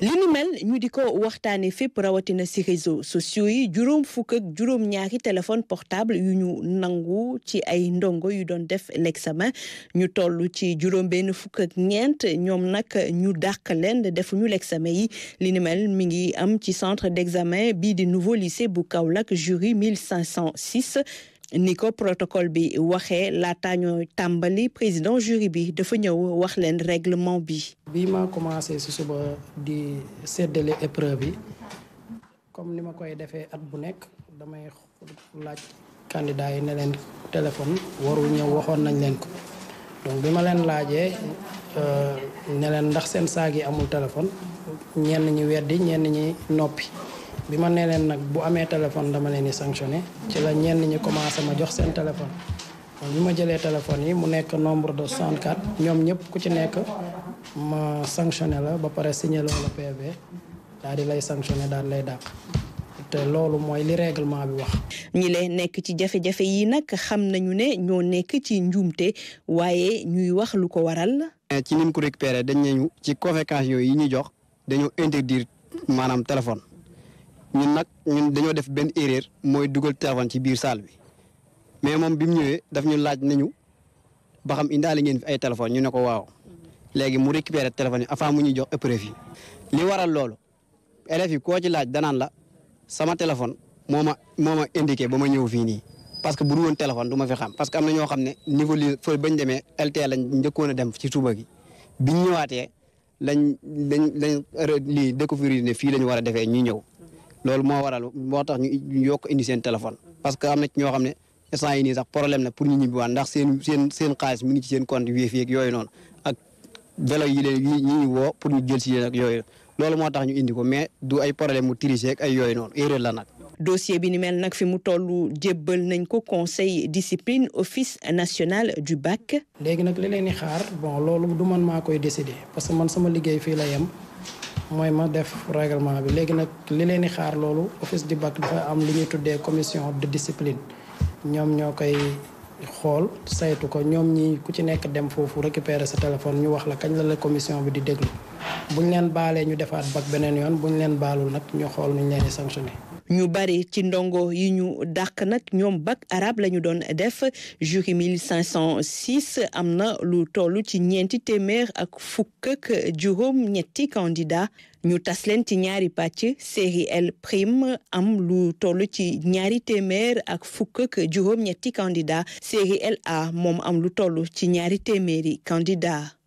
li ni mel ñu di ko waxtaanee fépp rawatina ci réseaux sociaux yi juróom fukk ak juróom ñaari téléphone portable yu ñu nangu ci ay ndongo yu doon def l'examen ñu toll ci juróom benn fukk ak ñeent ñoom nag ñu dàq leen defuñu l'examen yi li ni mel mi ngi am ci centre d'examen bii di nouveau lycée bu Kaolack jury 1506 ni ko protocole bi waxé la taño tambali président jury bi dafa ñëw wax leen règlement bi. bima ma commencé si suba di séddale épreuve bi comme nima koy défé at bu nek damay laaj candidat yi ne téléphone waru ñëw waxon nañ leen ko donc bima ma leen euh ne leen ndax sen saag amul téléphone ñen ñi weddi ñen ñi nopi bi ma nee leen nag bu amee téléphone dama leen di sanctionné ci la ñenn ñi commencé ma jox seen téléphone man ma jëlee téléphone yi mu nekk nombre de 64 ñoom ñëpp ku ci nekk ma sanctionné la ba pare signé loola PV daal di lay sanctionné daal lay dàq te loolu mooy li réglement bi wax. ñi leen nekk ci jafe-jafe yi nag xam nañu ne ñoo nekk ci njuumte waaye ñuy wax lu ko waral. ci ni mu ko récupéré dañ nañu ci convocation yooyu yi ñuy jox dañoo interdire maanaam téléphone. ñu nag ñun dañoo def benn erreur mooy dugal Tivaouane ci biir saal bi mais moom bi mu ñëwee daf ñu laaj nañu ba xam indaale ngeen fi ay téléphone ñu ne ko waaw léegi mu récupéré téléphone yi avant mu ñu jox épreuve yi. li waral loolu élèves yi koo ci laaj danaan la sama téléphone moo ma moo ma indiqué ma ñëw fii nii parce que bu dul woon téléphone du ma fi xam parce que am na ñoo xam ne niveau li fa bañ demee LTL e lañ njëkkoon a dem ci suba gi biñ ñëwaatee lañ lañ lañ lii découvrir ne fii lañ war a defee ñu ñëw. loolu mo waral motax ñu yokk indi sen téléphone parce que amna ci ñoo xamné ne instant yi nii sax problème la pour ñu ñibi wa ndax sen sen sen xaliss mi ngi ci sen compte wifi ak yoy non ak vélo yi lé yi ñi wo pour ñu jël ci leen ak yooyu lolou motax ñu indi ko mais du ay problème mu tricher ak ay yoy non erreur la nak dossier bi ni mel nak fi mu tollu djébal nañ ko conseil discipline office national du bac. légui nak li leen xaar bon lolou du man ma koy décider parce que man sama liggéey fi la yam mooy ma def règlement bi léegi nag li leen di xaar loolu office di bac dafa am li ñuy tuddee commission de discipline ñoom ñoo koy xool saytu ko ñoom ñi ku ci nekk dem foofu récupérer sa téléphone ñu wax la kañ la la commission bi di déglu buñ leen baalee ñu defaat bac beneen yoon buñ leen baalul nag ñu xool nuñ leen di sanctionné ñu bari ci ndongo yi ñu dàq nag ñoom bac arabe lañu ñu doon def jury 1506 am na lu tollu ci ñeenti téeméer ak fukk ak juróom ñetti candidat ñu tas leen ci ñaari pàcc série L prime am lu toll ci ñaari téeméer ak fukk ak juróom ñetti candidat série LA moom am lu toll ci ñaari téeméeri candidat